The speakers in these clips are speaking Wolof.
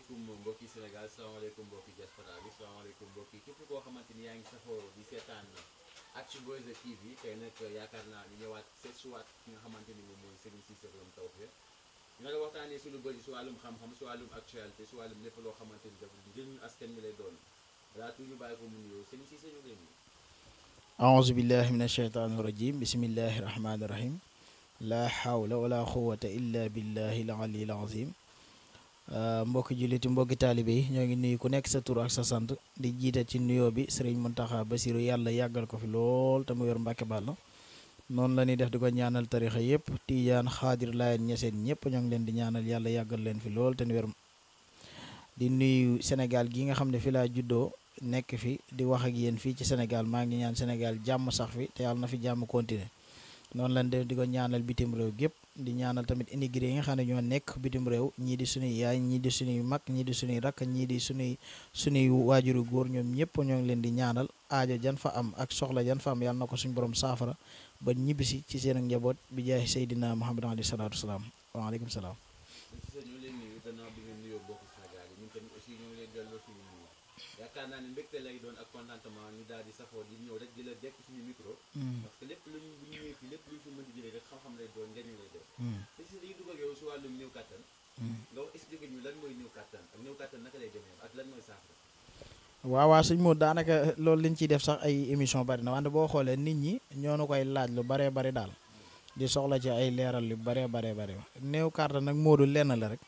salaamaaleykum mbokki Sénégal salaamaaleykum mbokki diaspora bi salaamaaleykum mbokki képp koo xamante ni yaa ngi safoo di seetaan Actubuzz TV tey nag yaakaar naa ñu ñëwaat seet suwaat ki nga xamante ni moom mooy Serigne Cissé Borom Tawfekh ñu la waxtaanee suñu bëri si wàllum xam-xam si wàllum actualité si wàllum lépp loo xamante ni dafa njëriñu askan mi lay doon balaa tuuti bàyyi ko mu nuyoo Serigne Cissé ñu lay nuyu. aouzu billahi min ashaytaani rajim bismillahi rahmaani rahim la hawla wala quwwata illa billahi al aliyyil azim Euh, mbokki julliti mbokki taalibe yi ñoo ngi nuyu ku nekk sa tur ak sa sant di jiite ci nuyo bi sëriñ Muntaxa Basiru yàlla yàggal ko fi lool te mu yor Mbàkke Bàll noonu la ñuy def di ko ñaanal tarixa yëpp tiijaan xaadir laayeen ñëpp ñoo ngi leen di ñaanal yàlla yàggal leen fi lool te nu yor di nuyu senegal gi nga xam ne fi laa juddoo nekk fi di wax ak yéen fii ci senegal maa ngi ñaan Sénégal jàmm sax fi te yàlla na fi jàmm continuer noonu lañ def di ko ñaanal bitim réew gépp di ñaanal tamit immigré yi nga xam ne ñoo nekk bitim réew ñii di suñuy yaay ñii di suñuy mag ñii di suñuy rakk ñii di suñuy suñuy waajuru góor ñoom ñëpp ñoo ngi leen di ñaanal aajo jan fa am ak soxla jan fa am yàlla na ko suñu borom saafara ba ñibbisi ci seen ak njaboot bi jaay Seydina Muhammad alayhi salaatu wasalaam waaleykum salaam yaakaar naa ne mbégte lay doon ak contentement ñu daal di safoo di ñëw rek di la dekk suñu micro hmm. parce que lépp luñ bu ñu ñëwee fii hmm. suñ hmm. moo daanaka loolu liñ ciy def sax ay émission bari na wante boo xoolee nit ñi ñoo nu koy laaj lu baree bari daal di soxla ci ay leeral lu baree baree bari new kàttan nag moo dul lenn la rek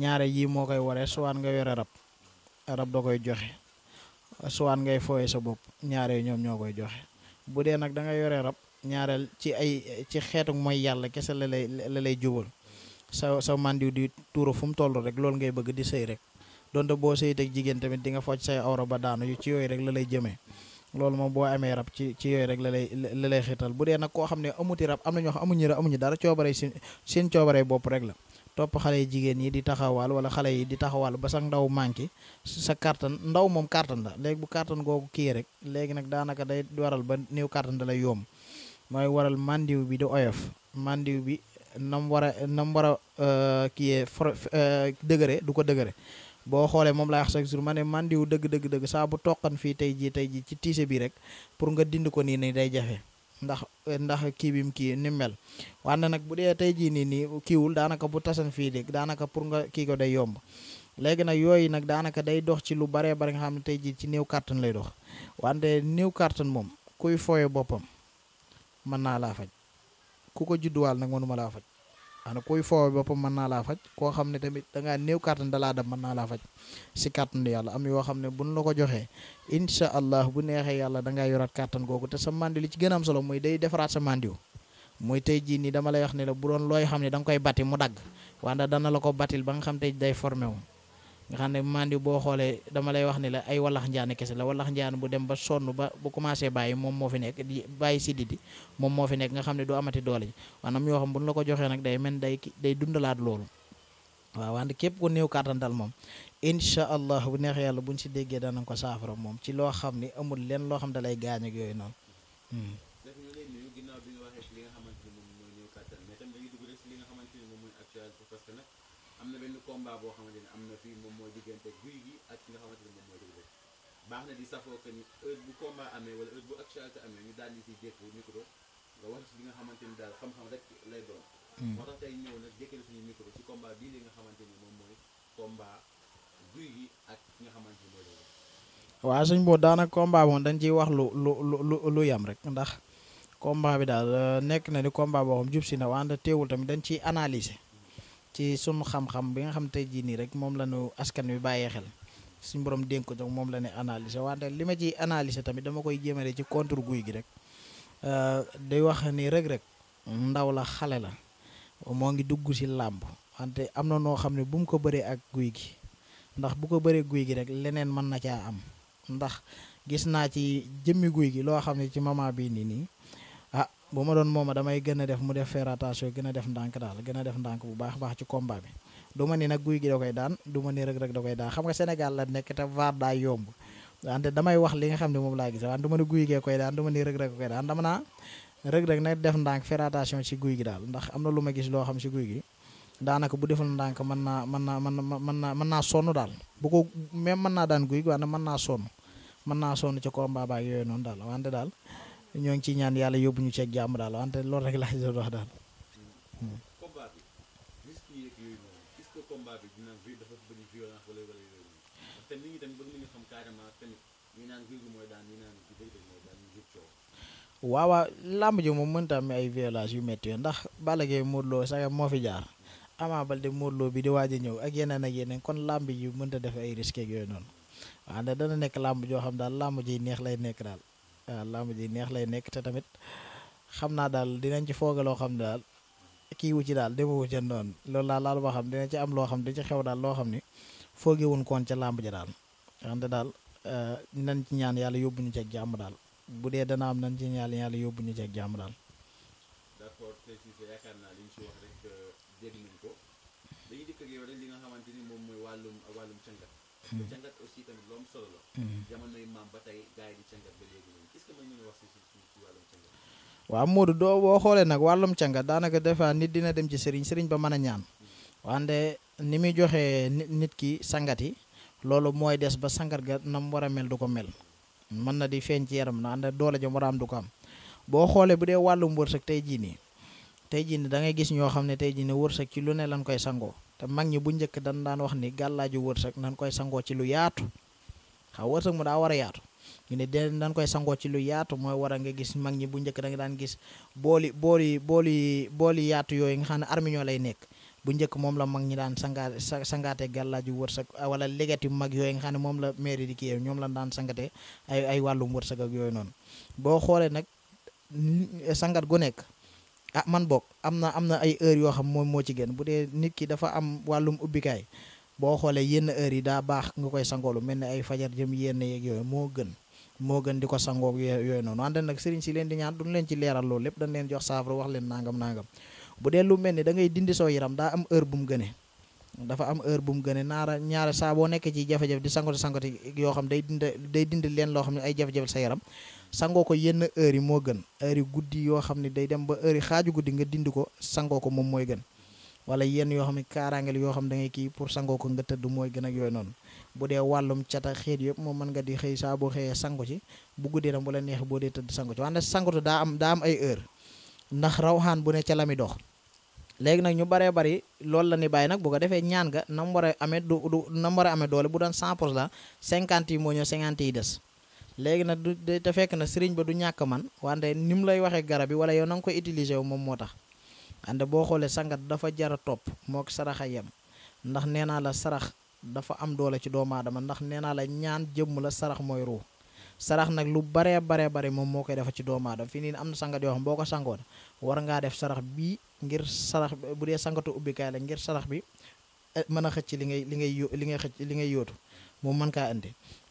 ñaare yii moo koy waree suwaan nga yore rab rab da koy joxe suwaan ngay fooye sa bopp ñaaree ñoom ñoo koy joxe bu dee nag da nga yore rab ñaareel ci ay ci xeetu mooy yàlla kese la lay la lay jubal sa sa mandiw di tuura fu mu toll rek loolu ngay bëgg di sëy rek donte boo sëy teg jigéen tamit di nga focc say awra ba daanu yu ci yooyu rek la lay jëmee loolu moom boo amee rab ci ci yooyu rek la lay la lay xiital bu dee nag koo xam ne amuti rab am na ñoo xam amuñu rab amuñu dara coobaree seen seen coobaree bopp rek la topp xale yi jigéen yi di taxawaal wala xale yi di taxawaal ba sax ndaw manqué sa kàttan ndaw moom kàttan la léegi bu kàttan googu kii rek léegi nag daanaka day waral ba néew kàttan da lay yomb mooy waral màndiw bi di oyof mandiw bi nam war a nam war a euh, kiyee euh, dëgëre du ko dëgëre boo xoolee moom laa wax chaque jour ma ne mandiw dëgg dëgg dëgg saabu bu toqan fii tey jii tey jii ci tiise bi rek pour nga dind ko nii nii day jafe ndax ndax kii bim kii ni mel wante nag bu dee tey jii nii nii kiiwul daanaka bu tasan fii de daanaka pour nga kii ko day yomb léegi na yooyu nag daanaka day dox ci lu baree bari nga xam ne tey jii ci néew kàttan lay dox wante néew kàttan moom kuy fooye boppam mën naa laa faj ku ko judduwaal nag mënuma laa faj ana kuy fooye boppam mën naa laa faj koo xam ne tamit dangaa néew kàttan dalaa dab mën naa laa faj si kàttan yàlla am yoo xam ne buñ la ko joxee incha allah bu neexee yàlla dangaa yoraat kàttan googu te sa mandi li ci gën a am solo mooy day defaraat sa mandiwu mooy tey jii nii dama lay wax ne la bu doon looy xam ne danga koy batti mu dagg wante dana la ko battil ba nga xam tey day formé wu nga xam ne mandi boo xoolee dama lay wax ne la ay wallax njaane kese la wallax njaan bu dem ba sonn ba bu commencé bàyyi moom moo fi nekk di bàyyi siddi di moom moo fi nekk nga xam ne du amati doole ji maanaam yoo xam bu ñu la ko joxee nag day men day day dundalaat loolu waaw wante képp ku néew kàttan daal moom incha allah bu neex yàlla buñ si déggee danañ ko saafara moom ci loo xam ni amul leen loo xam da lay yooyu noonu. Hmm. na benn combat boo xamante ne am na fii moom mooy diggante guy gi ak ki nga xamante ni heure bu combat amee wala heure bu actualité amee ñu daal di xam-xam rek lay doon. Hmm. moo tax tey ñëw nag jékkee suñu micro ci combat bii li nga xamante moom mooy combat. waa gi ak nga xamante suñ boobu daanaka combat moom dañ ciy wax lu lu lu yam rek ndax combat bi daal euh, nekk na di combat boo xam jub si na wante teewul tamit dañ ciy analyser ci sunu xam-xam bi nga xam tey jii nii rek moom la askan wi bàyyee xel suñ borom dénk ko moom la ne analise wante li ma ciy analyser tamit dama koy jëmale ci contre guy gi rek euh, day wax ni rek rek ndaw la xale la moo ngi dugg si làmb wante am na noo xam ne bu mu ko baree ak guy gi. ndax bu ko bëree guy gi rek leneen mën na caa am ndax gis naa ci jëmmi guy gi loo xam ne ci moment bii nii nii ah bu ma doon mooma damay gën a def mu def ferratation gën def ndànk daal gën def ndànk bu baax baax ci combat bi ma ni nag guy gi da koy daan du ma ni rek rek da koy daan xam nga Sénégal nekk te vaar daa yomb wante damay wax li nga xam ne moom laa gis wante du koy daan du ma rek rek koy dama naa rek rek nag def ndànk ferratation ci guy gi daal ndax am na lu ma gis loo xam si guy gi daanaka bu deful ndànk man naa mën naa mën mën naa mën naa sonn daal bu ko même mën naa daan guy wante mën naa sonn mën naa sonn ci combat baak yooyu noonu daal wante daal ngi ciy ñaan yàlla yóbbu ñu ceeg jàmm daal wante loolu rek laa doon wax daal. ji moom mënut a ay violence yu métti ndax Balla Gaye Modou Lo moo fi jaar Ama Baldé Modou Lo bi di waaj a ñëw ak yeneen ak yeneen kon làmb yi mënta def ay risques ak yooyu noonu waaw ndax dana nekk làmb joo xam daal làmb ji neex lay nekk daal waaw làmb neex lay nekk te tamit xam naa daal dinañ ci foogaloo xam daal kii ci daal demewu ca noonu loolu daal laal boo xam dina ci am loo xam di ci xew daal loo xam ni foogewuñ koon ca làmb ji daal xamte daal eh, nañ ci ñaan yàlla yóbbu ñu ci ak jàmm daal bu dee dana am nañ ci ñaan yóbbu ñu ci jàmm daal wàllum wàllum càngat hmm. te càngat aussi doo boo xoolee nag wàllum càngat daanaka des nit dina dem ci sëriñ sëriñ ba mën a ñaan hmm. wante ni muy joxee nit ki sangat yi loolu mooy des ba sangat ga nam war a mel du ko mel mën na di feeñ ci yaram na ànd doole jam war a am du ko am boo xoolee bu dee wàllum wërsëg tey jii nii tey jii nii da gis ñoo xam ne tey jii nii wërsëg ci lu ne lan koy sangoo te mag ñi bu njëkk dañ daan wax ni gàllaaju wërsëg nañ koy sangoo ci lu yaatu xaw wërsëg mu daa war a yaatu ñu ne den dañ koy sangoo ci lu yaatu mooy war a nga gis mag ñi bu njëkk da nga daan gis booli booli booli booli yaatu yooyu nga xam ne armiñoo lay nekk bu njëkk moom la mag ñi daan sangaate sangaate gàllaaju wërsëg ah, wala legati mag yooyu nga xam ne moom la mairie di kii ñoom la daan sangate ay ay wàllum wërsëg ak yooyu noonu boo xoolee nag sangat gu nekk ah man book am na am na ay heures yoo xam moom moo ci gën bu dee nit ki dafa am wàllum ubbikaay boo xoolee yenn heures yi daa baax nga koy sangoolu mel ni ay fajar jëm yenn yeeg yooyu moo gën moo gën di ko sangoog yooyu noonu ànd nag sëriñ si leen di ñaan duñ leen ci leeral loolu lépp dañ leen jox saafara wax leen nangam nangam bu dee lu mel ni da ngay dindi soo yaram daa am heure bu mu gënee dafa am heure bu mu gënee naara ñaara saa boo ci jafe-jafe di sangoti sangoti yoo xam day dind day dindi leen loo xam ne ay jafe-jafe sa yaram sangoo ko yenn heure yi moo gën heure yi guddi yoo xam ne day dem ba heure yi xaaju guddi nga dind ko sangoo ko moom mooy gën wala yenn yoo xam ne kaaraangeel yoo xam da ngay kii pour sangoo ko nga tëdd mooy gën ak yooy noonu bu dee wàllum cata xeet yëpp moom mën nga di xëy saa boo xëyee sangu ci bu guddee dam bu la neex boo dee tëdd sangu ci wante sangoto daa am daa ay heure ndax rawxaan bu ne ca la mi léegi nag ñu baree bari loolu la ni bàyyi nag bu ko defee ñaan nga nam amee du du nam amee doole bu doon 100 pour cent yi moo ñëw 50 yi des léegi nag du te fekk na sëriñ ba du ñàkk man wante ni mu lay waxee garab yi wala yow na nga koy utiliser wu moom moo tax wante boo xoolee sangat dafa jar a topp moog saraxa yem ndax nee naa la sarax dafa am doole ci doomu aadama ndax nee naa la ñaan jëmm la sarax mooy ruu sarax nag lu baree baree bare moom moo koy defa ci doomu aadama fii nii am na sangat yoo xam boo ko sangoon war ngaa def sarax bii ngir sarax bu dee sangatu ubbikaay la ngir sarax bi eh, mën a xëcc li ngay li ngay li ngay xëcc li ngay yóotu moom mën kaa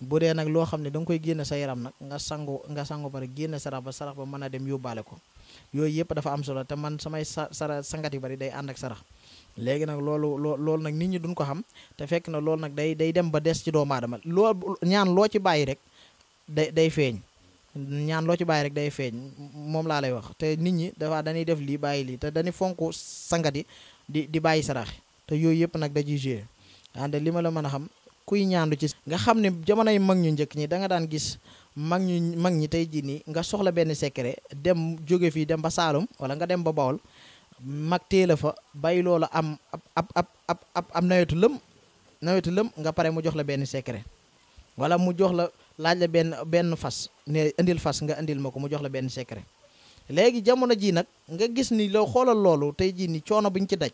bu dee nag loo xam ne da nga koy génne sa yaram nag nga sangu nga sangu bare génne sarax ba sarax ba mën a dem yóbbaale ko yooyu yëpp dafa am solo te man samay sa sara sangat yu bari day ànd ak sarax léegi nag loolu loolu nag nit ñi duñ ko xam te fekk na loolu nag day day dem ba des ci doomu aadama loo ñaan loo ci bàyyi rek day day feeñ ñaan loo ci bàyyi rek day feeñ moom laa lay wax te nit ñi dafa dañuy def lii bàyyi lii te dañuy fonk sangati di di bàyyi sarax te yooyu yëpp nag da ciy joué ànd ah, li ma la mën a xam kuy ñaandu ci nga xam ne jamonoy mag ñu njëkk ñi da daan gis mag ñu mag ñi tey jii nii nga soxla benn secret dem jóge fii dem ba Saalum wala nga dem ba Bawol mag teel a fa bàyyi loola am ab ab ab ab nawetu lëm nawetu lëm nga pare mu jox la benn secret wala mu jox laaj benn benn fas ne indil fas nga indil ma ko mu jox la benn secret léegi jamono jii nag nga gis ni loo xoolal loolu tey jii ni coono ñu ci daj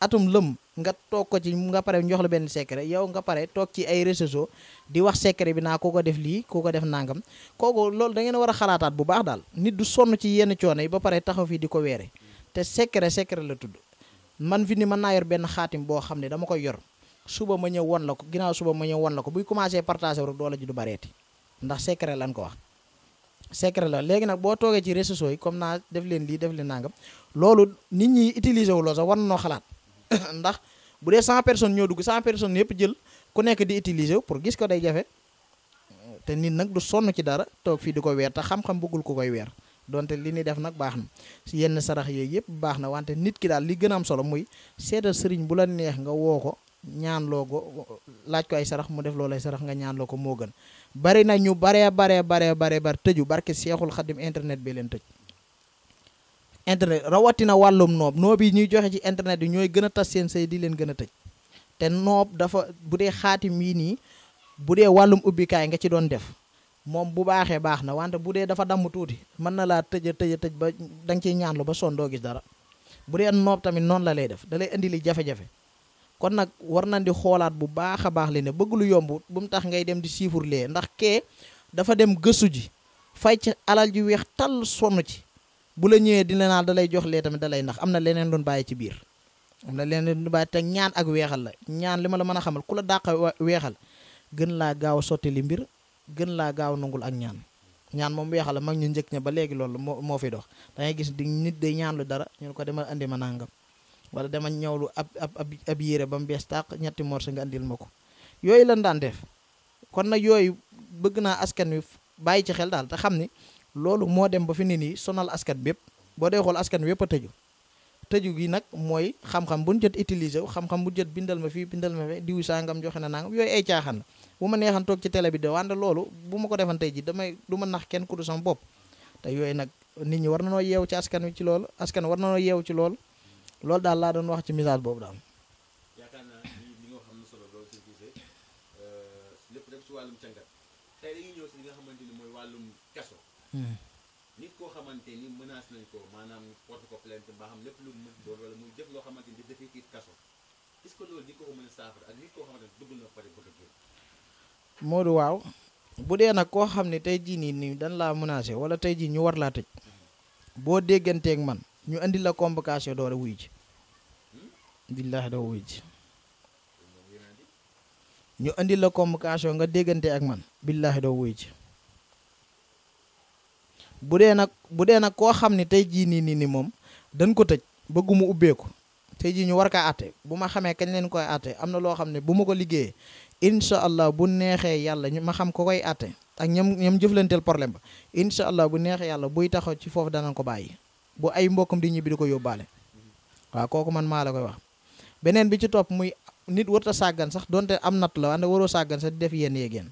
atum lëm nga toog ko ci nga pare jox la benn secret yow nga pare toog ci ay réseaux di wax secret bi naa ku ko def lii ko ko def nangam kooku loolu da ngeen war a xalaataat bu baax daal nit du sonn ci yenn coono yi ba pare taxaw fii di ko weere te secret secret la tudd man fi ni mën naa yor benn xaatim boo xam ne dama koy yor suba ma ñëw won la ko ginnaaw suba ma ñëw won la ko buy commencé partagé rek doole ji du bareeti ndax secret lañ ko wax secret la léegi nag boo toogee ci réseaux yi comme naa def leen lii def leen loolu nit ñi utiliser wu loo sax war xalaat ndax bu dee 100 personnes ñoo dugg 100 personnes yëpp jël ku nekk di utiliser pour gis ko day jafe te nit nag du sonn ci dara toog fii di ko weer te xam-xam koy weer donte li ni def nag baax na si yenn sarax yooyu yëpp baax na wante nit ki daal li gën a am solo muy seetal sëriñ bu la neex nga woo ko ñaan loo ko laaj ko ay sarax mu def loolu ay sarax nga ñaan loo ko moo gën bari na ñu baree baree baree baree bar tëju barke seexul xadim internet bi leen tëj internet rawatina wàllum noob noob yi ñuy joxe ci internet bi ñooy gën a tas seen sëy di leen gën a tëj te noob dafa bu dee xaatim yii nii bu dee wàllum ubbikaay nga ci doon def moom bu baaxee baax na wante bu dee dafa damm tuuti mën na laa tëj a tëj tëj ba da nga ciy ñaan lu ba son doo gis dara bu dee noob tamit noonu la lay def da lay indi li jafe kon nag war na di xoolaat bu baax a baax li ne bëgg lu yomb bu mu tax ngay dem di siifur lee ndax kee dafa dem gëstu ji fay ci alal ji weex tàll sonn ci bu la ñëwee dina naa da lay jox lee tamit da lay ndax am na leneen doon bàyyi ci biir am na leneen doon bàyyi te ñaan ak weexal la ñaan li ma la mën a xamal ku la dàq weexal gën laa gaaw sotti li mbir gën laa gaaw nangul ak ñaan ñaan moom weexal la mag ñu njëkk ña ba léegi lool moo moo fi dox da gis di nit day ñaan lu dara ñu ko demal andi ma nangam wala dama ñawlu ab ab ab yére ba mu bees tàq ñetti morso nga andil ma ko yooyu lan daan def kon nag yooyu bëgg naa askan wi bàyyi ci xel daal te xam ni loolu moo dem ba fi ne nii sonal askan bépp boo dee askan wépp a tëju tëju gi nag mooy xam bu ñu jot utiliser wu xam bu jot bindal ma fii bindal ma fii diw joxe na nangam yooyu ay caaxaan la bu ma neexan toog ci tele bi de wante loolu bu ma ko defan tey ji damay du ma nax kenn ku du sama bopp te yooyu nag nit ñi war na noo yeew ci askan wi ci loolu askan war na noo yeew ci loolu loolu daal laa doon wax ci message boobu daal. yaakaar naa li xam ne solo loolu suñu gisee euh, lépp rek si wàllum càngat tey dañuy ñëw si li nga xamante ni mooy wàllum kaso. Hmm. nit koo xamante ni menace nañ ko maanaam porte ko plainte mbaa muy jëf loo xamante ni dafay kiit kaso est-ce loolu di ko ko mën ak nit koo xamante ni dugg waaw bu dee nag koo xam ne tey jii nii nii dan laa menacé wala tey jii ñu war laa tëj hmm. boo dégganteeg man. ñu indi la convocation door a wuy ji billaahi doo wuy ji ñu indi la convocation nga déggante ak man billaahi doo wuy ji bu dee nag bu dee nag koo xam ne tey jii nii nii nii moom dañ ko tëj bëggu mu ubbeeku tey jii ñu war kaa àtte bu ma xamee kañ leen koy àtte am na loo xam ne bu ma ko liggéeyee incha allah bu neexee yàlla ñu ma xam ko koy àtte ak ñam ñam jëflanteel problème ba incha allah bu neexee yàlla buy taxaw ci foofu dana ko bàyyi. bu ay mbokkam di ñibbi di ko yóbbaale waaw kooku man maa la koy wax beneen bi ci topp muy nit warta sàggan sax donte am natt la wante waroo sàggan sax di def yenn yéegéen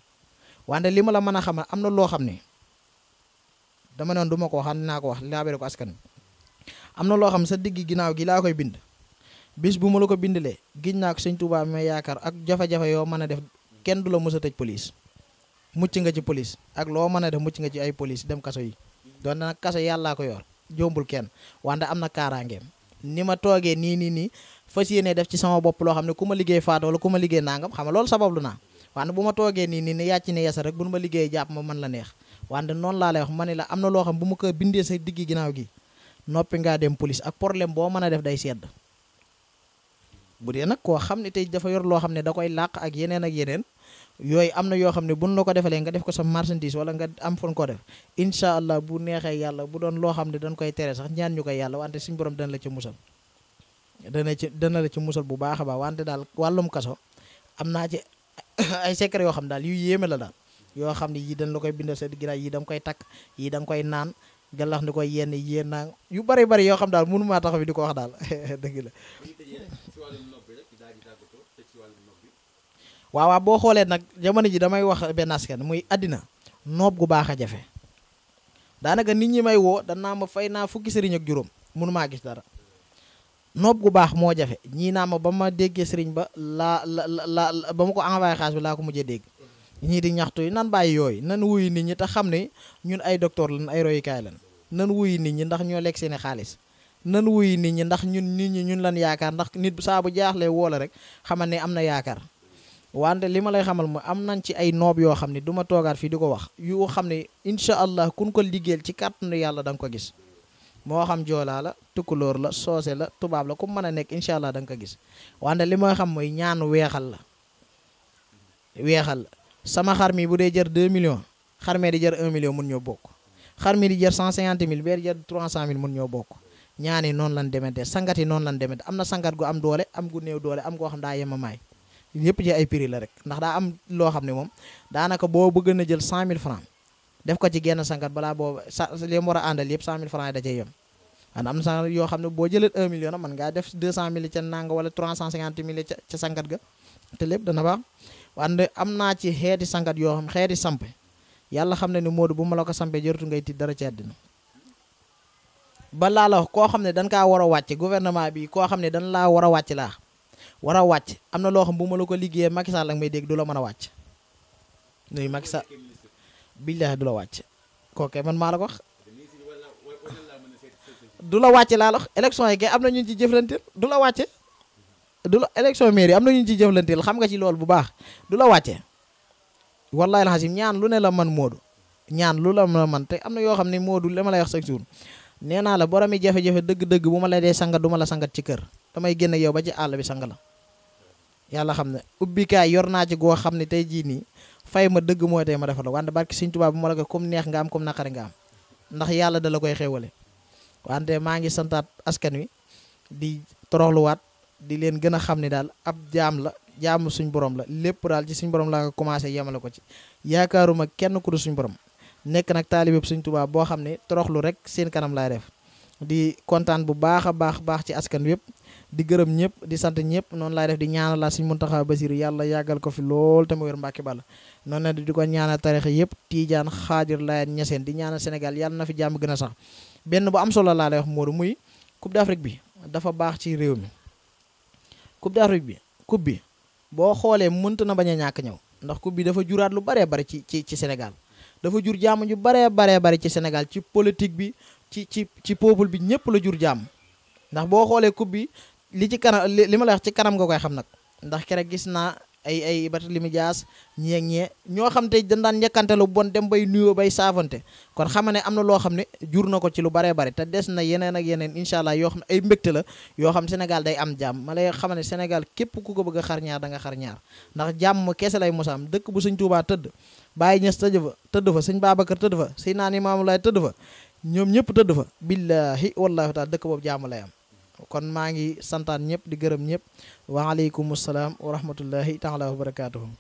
wante li ma la mën a xamal am na loo xam ne dama noon duma ko wax naa ko wax laabere askan am na loo xam sa digg ginnaaw gi laa koy bind bis bu ma la ko bindalee giñ naa ko sëñ Tuubaa yaakaar ak jafe-jafe yoo mën a def kenn du la mës a tëj police mucc nga ci police ak loo mën a def mucc nga ci ay police dem kaso yi donte nag ko yor jombul kenn wante am na kaaraangeem ni ma toogee nii nii nii fas yéene def ci sama bopp loo xam ne ku ma liggéey faatu wala ku ma liggéey nangam xam nga loolu sabablu naa wante bu ma toogee nii nii ni ne yesa rek bu liggéey jàpp ma mën la neex wante noonu laa lay wax ma ne la am na loo xam bu ma koy bindee sa digg ginaaw gi noppi nga dem police ak problème boo mën a def day sedd bu dee nag koo xam ne tey dafa yor loo xam ne da koy làq ak yeneen ak yeneen yooyu am na yoo xam ne buñ la ko defalee nga def ko sa marchandise wala nga am fon ko def incha allah bu neexee yàlla bu doon loo xam ne dañ koy tere sax ñaan ñu koy yàlla wante suñu borom dana la ci musal dana ci dana la ci musal bu baax a baax wante daal wàllum kaso am naa ci ay secret yoo xam daal yu yéeme la daal yoo xam ne yii dañ la koy bindal sa ginnaaw yii danga koy takk yii danga koy naan galax ni koy yenn yéen naa yu bari bari yoo xam daal mënu maa taxaw di ko wax daal dëgg la waaw boo xoolee nag jamono ji damay wax benn askan muy àddina noob gu baax a jafe daanaka nit ñi may woo danaa ma fay naa fukki sëriñ ak juróom mënu maa gis dara noob gu baax moo jafe ñii naa ma ba ma déggee sëriñ ba laa la la la ba ma ko envoyé xaalis bi laa ko mujjee dégg ñii di ñaxtu yi nan bàyyi yooyu nan wuy nit ñi te xam ne ñun ay docteur lan ay royukaay lan nan wuy nit ñi ndax ñoo lekk seeni xaalis nan wuy nit ñi ndax ñun nit ñi ñun lan yaakaar ndax nit bu saa bu jaaxlee rek xamal ne am na yaakaar wante li ma lay xamal mooy am nañ ci ay noob yoo xam ne duma ma toogaat fii di ko wax yu xam ne incha allah kun ko liggéeyal ci kàttanu yàlla da nga ko gis moo xam joolaa la tukkulóor la soose la tubaab la ku mën a nekk incha allah da nga ko gis wante li ma xam mooy ñaan weexal la weexal la sama xar mi bu dee jar 2 millions xar mee di jër 1 million mun ñoo bokk xar mi di jër 150 mille bee di jër 300 mille mun ñoo bokk ñaan yi noon lan demete sangat yi noonu lan demete am na sangat gu am doole am gu new doole am xam daa yema yëpp ci ay prix la rek ndax daa am loo xam ne moom daanaka boo bëgg na jël cent mille francs def ko ci genn sangat balaa boobu sa li mu war a àndal yëpp da cay yem am na yoo xam ne boo jëlee un million mën ngaa def deux cent mille ca nanga wala trois cent cinquante ga te lépp dana baax wante am naa ci xeeti sangat yoo xam xeeti samp yàlla xam ne ni Modou bu ma la ko sampee jërëtu ngay tiit dara ci àddina ba laa la koo xam ne dañ kaa war a wàcc gouvernement bi koo xam ne dañ laa war a wàcc laa war a wàcc am na loo xam bu ma la ko liggéeyee Macky Sall ak may dégg du la mën a wàcc nuyu Macky Sall du la wàcc kooke man maa la ko wax du la wàcce laa la wax élection yi kay am na ñu ci jëflanteel du la wàcce du la élection mairie am na ñu ci jëflanteel xam nga ci lool bu baax du la wàcce wallahi alxasim ñaan lu ne la man moodu ñaan lu la man te am na yoo xam ne moodu li ma la wax chaque jour nee naa la boromi jafe-jafe dëgg-dëgg bu ma la dee sangat du la sangat ci kër damay génn yow ba ci àll bi sang la yàlla xam ne ubbikaay yor naa ci goo xam ne tey jii nii fay ma dëgg mooy tey ma defal la wante barki Sëñ Tuubaa bu ma la ko comme neex am comme naqari nga ndax yàlla da koy xéewale wante maa ngi santaat askan wi di toroxluwaat di leen gën a xam ne daal ab jaam la jaamu suñ borom la lépp daal ci suñ borom laa commencé yemale ko ci yaakaaruma kenn ku dul suñ borom nekk nag taalibe suñ Tuubaa boo xam ne toroxlu rek seen kanam laay def di kontaan bu baax a baax baax ci askan wépp di gërëm ñëpp di sant ñëpp noonu laay def di ñaanal laa Sëñ Muntaxa Basiru yàlla yàggal ko fi lool te mu wér Mbàkke Balla noonu la di ko ñaanal tarixa yëpp Tiijaan xaajar Laayeen Ñaseen di ñaanal Sénégal yàlla na fi jàmm gën sax benn bu am solo laa lay wax Modou muy Coupe d'Afrique bi dafa baax ci réew mi Coupe d'Afrique bi coupe bi boo xoolee mënta na bañ a ñàkk ñëw ndax coupe bi dafa juraat lu baree bari ci ci ci Sénégal dafa jur jàmm ñu baree baree bari ci Sénégal ci politique bi ci ci ci peuple bi ñëpp la jur jàmm ndax boo xoolee coupe li ci kanam li ma la wax ci kanam nga koy xam nag ndax kere gis naa ay ay Barthélemy Dias ñii ak ñee ñoo xam te dañ daan njëkkante lu bon dem bay nuyoo bay saafante kon xama ne am na loo xam ne jur na ko ci lu baree bari te des na yeneen ak yeneen incha allah yoo xam ne ay mbégte la yoo xam Sénégal day am jàmm ma xam ne Sénégal képp ku ko bëgg a da nga xar ñaar ndax jàmm keese lay mosaam dëkk bu Sëñ Tuubaa tëdd Baay Ñas tëdd fa tëdd fa Sëñ Babacar tëdd fa Seydina Limaamu Laay tëdd fa ñoom ñëpp tëdd fa billaahi wallaahi taala dëkk boobu jàmm lay am kon maa ngi santaan ñëpp di gërëm ñëpp waaleykum salaam wa rahmatullahi taala wa barakaatuhu